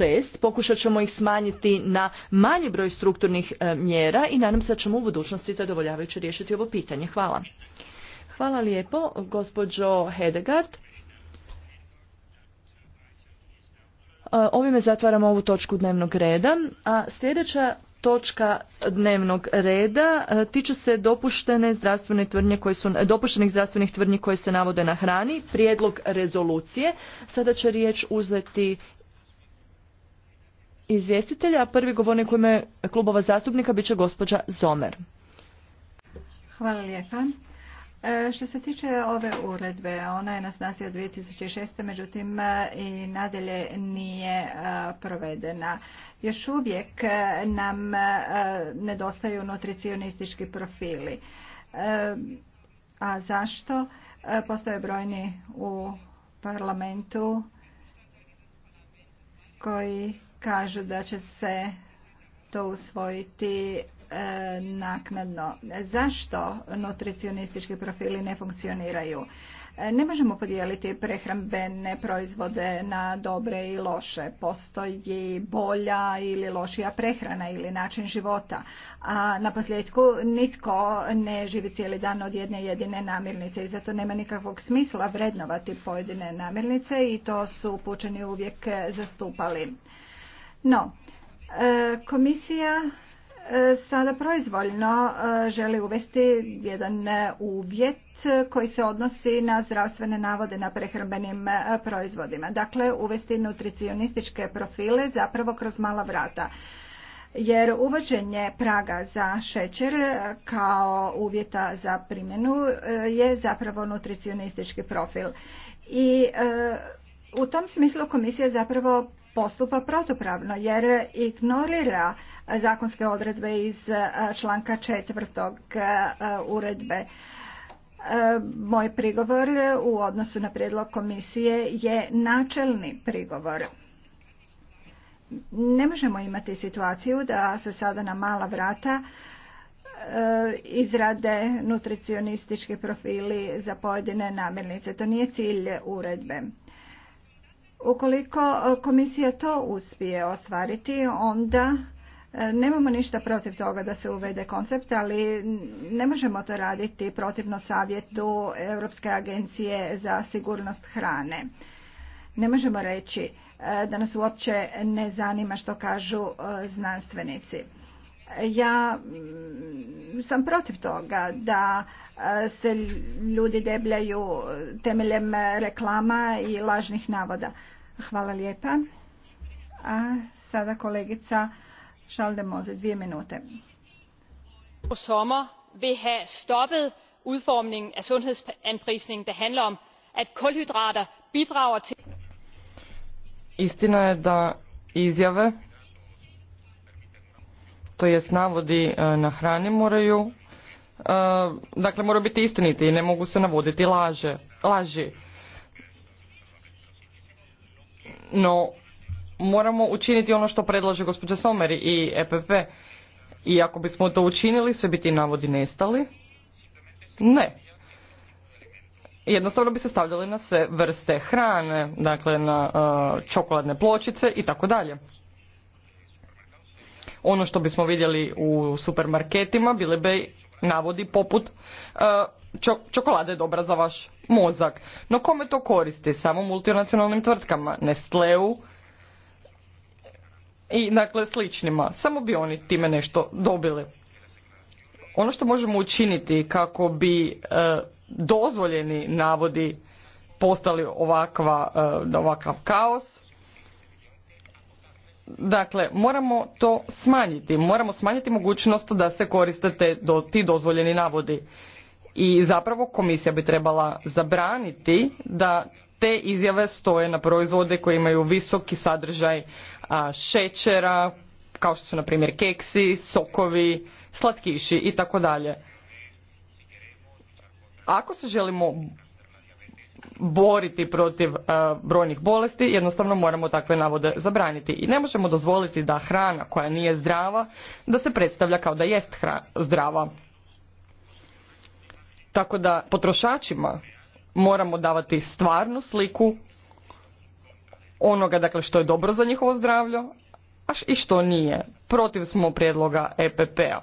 6 pokušat ćemo ih smanjiti na manji broj strukturnih e, mjera i nadam se da ćemo u budućnosti zadovoljavajuće riješiti ovo pitanje. Hvala. Hvala lijepo, gospođo Hedegard. E, ovime zatvaramo ovu točku dnevnog reda, a sljedeća točka dnevnog reda e, tiče se dopuštene zdravstvene tvrdnje koje su, dopuštenih zdravstvenih tvrdnji koje se navode na hrani, prijedlog rezolucije. Sada će riječ uzeti izvjestitelja, a prvi govornik u ime klubova zastupnika bit će gospođa Zomer. Hvala lijepa. E, što se tiče ove uredbe, ona je nas snazi od 2006. međutim e, i nadalje nije e, provedena. Još uvijek nam nedostaju nutricionistički profili. A zašto? Postoje brojni u parlamentu koji kažu da će se to usvojiti e, naknadno. Zašto nutricionistički profili ne funkcioniraju? E, ne možemo podijeliti prehrambene proizvode na dobre i loše. Postoji bolja ili lošija prehrana ili način života. A na posljedku nitko ne živi cijeli dan od jedne jedine namirnice i zato nema nikakvog smisla vrednovati pojedine namirnice i to su pučeni uvijek zastupali. No, e, komisija e, sada proizvoljno e, želi uvesti jedan uvjet koji se odnosi na zdravstvene navode na prehrambenim proizvodima. Dakle, uvesti nutricionističke profile zapravo kroz mala vrata. Jer uvođenje praga za šećer kao uvjeta za primjenu je zapravo nutricionistički profil. I u tom smislu komisija zapravo postupa protupravno jer ignorira zakonske odredbe iz e, članka četvrtog e, uredbe. E, moj prigovor u odnosu na prijedlog komisije je načelni prigovor. Ne možemo imati situaciju da se sada na mala vrata izrade nutricionistički profili za pojedine namirnice. To nije cilj uredbe. Ukoliko e, komisija to uspije ostvariti, onda e, nemamo ništa protiv toga da se uvede koncept, ali ne možemo to raditi protivno savjetu Europske agencije za sigurnost hrane. Ne možemo reći e, da nas uopće ne zanima što kažu znanstvenici. Ja sam protiv toga da e, se ljudi debljaju temeljem reklama i lažnih navoda. Hvala lijepa. A sada kolegica Šaldemoze, dvije minute. U somo bi ha stoppet udformningen a sundhedsanprisning, da handler om, at kulhydrater bidrava til... Istina je da izjave to jest navodi e, na hrani moraju e, dakle moraju biti istiniti i ne mogu se navoditi laže, laži. No, moramo učiniti ono što predlaže gospođa Someri i EPP. I ako bismo to učinili, sve bi ti navodi nestali. Ne. Jednostavno bi se stavljali na sve vrste hrane, dakle na e, čokoladne pločice i tako dalje. Ono što bismo vidjeli u supermarketima bile bi navodi poput e, čokolade je dobra za vaš mozak. No kome to koristi? Samo multinacionalnim tvrtkama, Nestleu i dakle sličnima. Samo bi oni time nešto dobili. Ono što možemo učiniti kako bi e, dozvoljeni navodi postali ovakva, e, ovakav kaos Dakle, moramo to smanjiti. Moramo smanjiti mogućnost da se koriste do, ti dozvoljeni navodi. I zapravo komisija bi trebala zabraniti da te izjave stoje na proizvode koji imaju visoki sadržaj šećera, kao što su na primjer keksi, sokovi, slatkiši i tako dalje. Ako se želimo boriti protiv e, brojnih bolesti, jednostavno moramo takve navode zabraniti. I ne možemo dozvoliti da hrana koja nije zdrava, da se predstavlja kao da jest zdrava. Tako da potrošačima moramo davati stvarnu sliku onoga dakle što je dobro za njihovo zdravlje a i što nije. Protiv smo prijedloga EPP-a.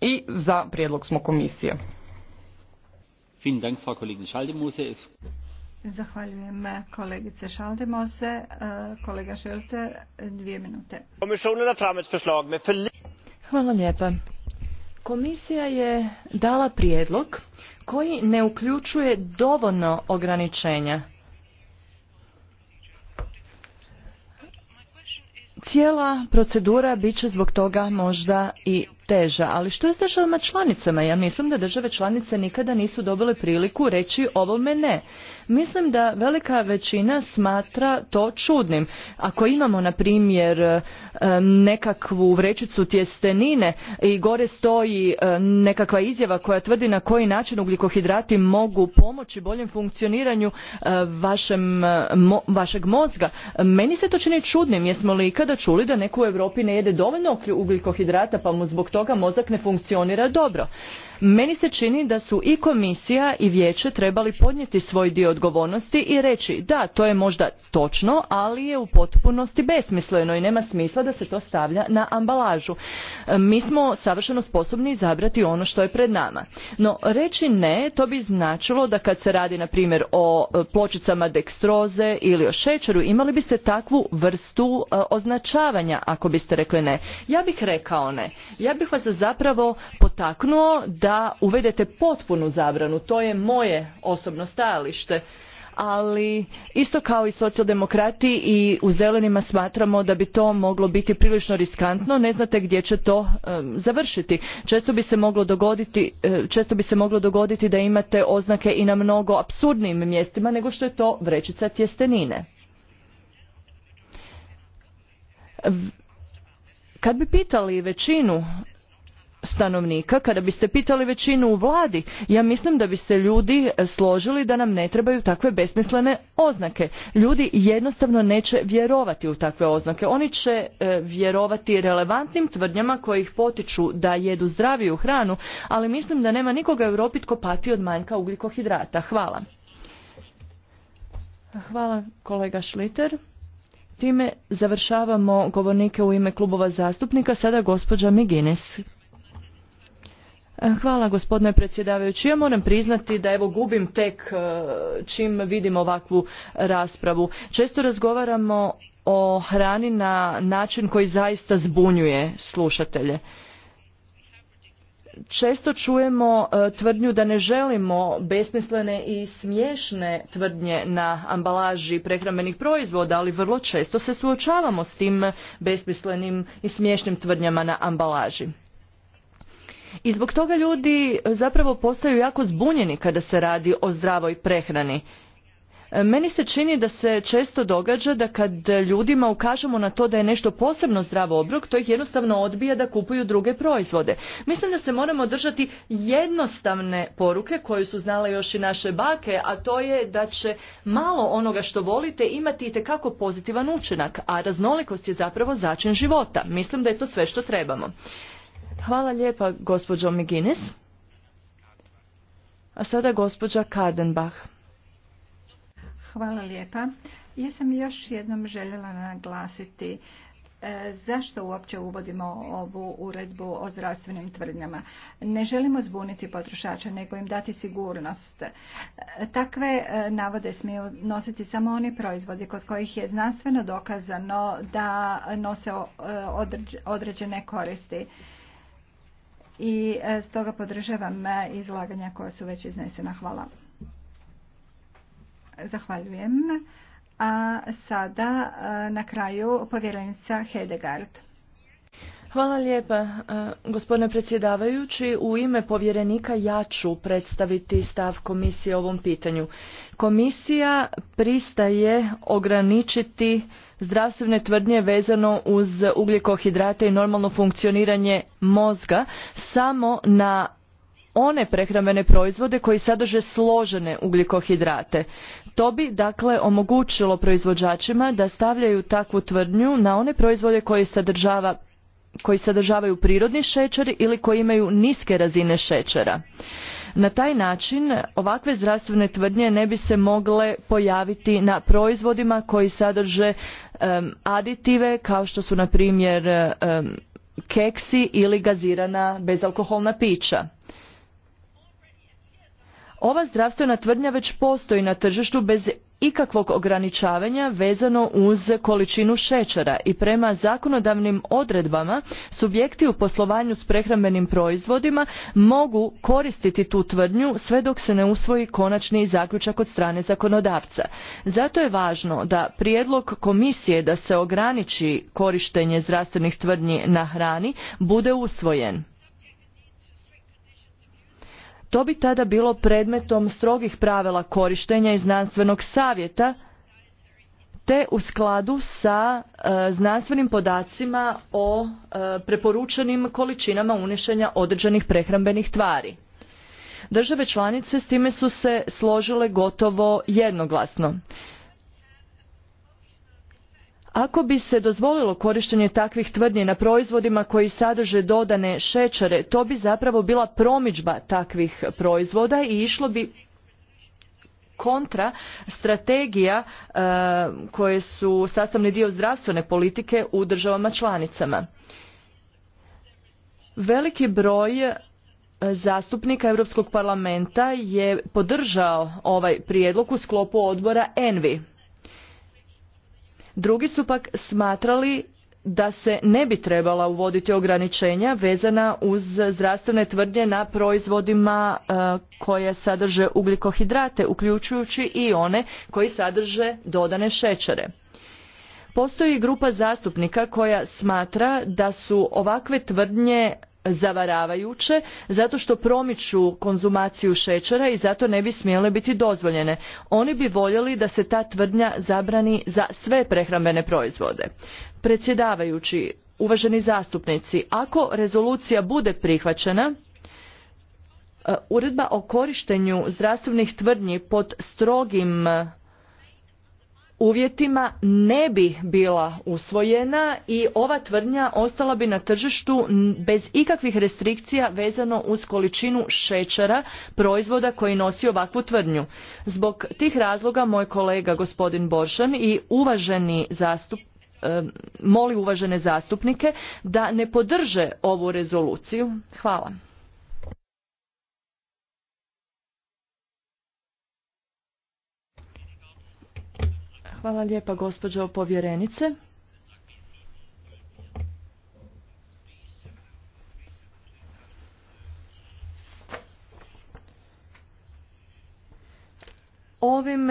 I za prijedlog smo komisije. Zahvaljujem eh, kolegice Šaldemose. Eh, kolega Šelte, eh, dvije minute. Hvala lijepa. Komisija je dala prijedlog koji ne uključuje dovoljno ograničenja. Cijela procedura bit će zbog toga možda i teža, ali što je s državama članicama? Ja mislim da države članice nikada nisu dobile priliku reći ovome ne. Mislim da velika većina smatra to čudnim. Ako imamo, na primjer, e, nekakvu vrećicu tjestenine i gore stoji e, nekakva izjava koja tvrdi na koji način ugljikohidrati mogu pomoći boljem funkcioniranju e, vašem, vašeg mozga, meni se to čini čudnim. Jesmo li ikada čuli da neko u Europi ne jede dovoljno ugljikohidrata pa mu zbog toga mozak ne funkcionira dobro. Meni se čini da su i komisija i vijeće trebali podnijeti svoj dio odgovornosti i reći da, to je možda točno, ali je u potpunosti besmisleno i nema smisla da se to stavlja na ambalažu. E, mi smo savršeno sposobni izabrati ono što je pred nama. No, reći ne, to bi značilo da kad se radi, na primjer, o e, pločicama dekstroze ili o šećeru, imali biste takvu vrstu e, označavanja ako biste rekli ne. Ja bih rekao ne. Ja bih vas zapravo potaknuo da da uvedete potpunu zabranu. To je moje osobno stajalište ali isto kao i socijaldemokrati i u zelenima smatramo da bi to moglo biti prilično riskantno ne znate gdje će to e, završiti e, često bi se moglo dogoditi da imate oznake i na mnogo apsurdnijim mjestima nego što je to vrećica tjestenine kad bi pitali većinu stanovnika, kada biste pitali većinu u vladi, ja mislim da bi se ljudi e, složili da nam ne trebaju takve besmislene oznake. Ljudi jednostavno neće vjerovati u takve oznake. Oni će e, vjerovati relevantnim tvrdnjama koje ih potiču da jedu zdraviju hranu, ali mislim da nema nikoga u Europi tko pati od manjka ugljikohidrata. Hvala. Hvala kolega Šliter. Time završavamo govornike u ime klubova zastupnika. Sada gospođa migines Hvala gospodine predsjedavajući. Ja moram priznati da evo gubim tek e, čim vidim ovakvu raspravu. Često razgovaramo o hrani na način koji zaista zbunjuje slušatelje. Često čujemo e, tvrdnju da ne želimo besmislene i smiješne tvrdnje na ambalaži prehrambenih proizvoda, ali vrlo često se suočavamo s tim besmislenim i smiješnim tvrdnjama na ambalaži. I zbog toga ljudi e, zapravo postaju jako zbunjeni kada se radi o zdravoj prehrani. E, meni se čini da se često događa da kad ljudima ukažemo na to da je nešto posebno zdrav obrok, to ih jednostavno odbija da kupuju druge proizvode. Mislim da se moramo držati jednostavne poruke koju su znale još i naše bake, a to je da će malo onoga što volite imati itekako pozitivan učinak, a raznolikost je zapravo začin života. Mislim da je to sve što trebamo. Hvala lijepa gospođo McGuinness. A sada gospođa Kardenbach. Hvala lijepa. Ja sam još jednom željela naglasiti e, zašto uopće uvodimo ovu uredbu o zdravstvenim tvrdnjama. Ne želimo zbuniti potrošača nego im dati sigurnost. E, takve e, navode smiju nositi samo oni proizvodi kod kojih je znanstveno dokazano da nose određene koristi i e, stoga podržavam e, izlaganja koja su već iznesena. Hvala. Zahvaljujem. A sada e, na kraju povjerenica Hedegard. Hvala lijepa, e, gospodine predsjedavajući. U ime povjerenika ja ću predstaviti stav komisije o ovom pitanju. Komisija pristaje ograničiti zdravstvene tvrdnje vezano uz ugljikohidrate i normalno funkcioniranje mozga samo na one prehrambene proizvode koji sadrže složene ugljikohidrate. To bi dakle omogućilo proizvođačima da stavljaju takvu tvrdnju na one proizvode koji sadržava koji sadržavaju prirodni šećer ili koji imaju niske razine šećera. Na taj način ovakve zdravstvene tvrdnje ne bi se mogle pojaviti na proizvodima koji sadrže aditive kao što su na primjer keksi ili gazirana bezalkoholna pića. Ova zdravstvena tvrdnja već postoji na tržištu bez ikakvog ograničavanja vezano uz količinu šećera i prema zakonodavnim odredbama subjekti u poslovanju s prehrambenim proizvodima mogu koristiti tu tvrdnju sve dok se ne usvoji konačni zaključak od strane zakonodavca. Zato je važno da prijedlog komisije da se ograniči korištenje zdravstvenih tvrdnji na hrani bude usvojen. To bi tada bilo predmetom strogih pravila korištenja i znanstvenog savjeta te u skladu sa e, znanstvenim podacima o e, preporučenim količinama unišenja određenih prehrambenih tvari. Države članice s time su se složile gotovo jednoglasno. Ako bi se dozvolilo korištenje takvih tvrdnji na proizvodima koji sadrže dodane šećere, to bi zapravo bila promidžba takvih proizvoda i išlo bi kontra strategija e, koje su sastavni dio zdravstvene politike u državama članicama. Veliki broj e, zastupnika Europskog parlamenta je podržao ovaj prijedlog u sklopu odbora ENVI. Drugi su pak smatrali da se ne bi trebala uvoditi ograničenja vezana uz zdravstvene tvrdnje na proizvodima e, koje sadrže ugljikohidrate, uključujući i one koji sadrže dodane šećere. Postoji grupa zastupnika koja smatra da su ovakve tvrdnje zavaravajuće zato što promiču konzumaciju šećera i zato ne bi smjele biti dozvoljene. Oni bi voljeli da se ta tvrdnja zabrani za sve prehrambene proizvode. Predsjedavajući, uvaženi zastupnici, ako rezolucija bude prihvaćena, e, uredba o korištenju zdravstvenih tvrdnji pod strogim uvjetima ne bi bila usvojena i ova tvrdnja ostala bi na tržištu bez ikakvih restrikcija vezano uz količinu šećera proizvoda koji nosi ovakvu tvrdnju. Zbog tih razloga moj kolega gospodin Boršan i uvaženi zastup moli uvažene zastupnike da ne podrže ovu rezoluciju. Hvala. Hvala lijepa gospođo povjerenice. Ovim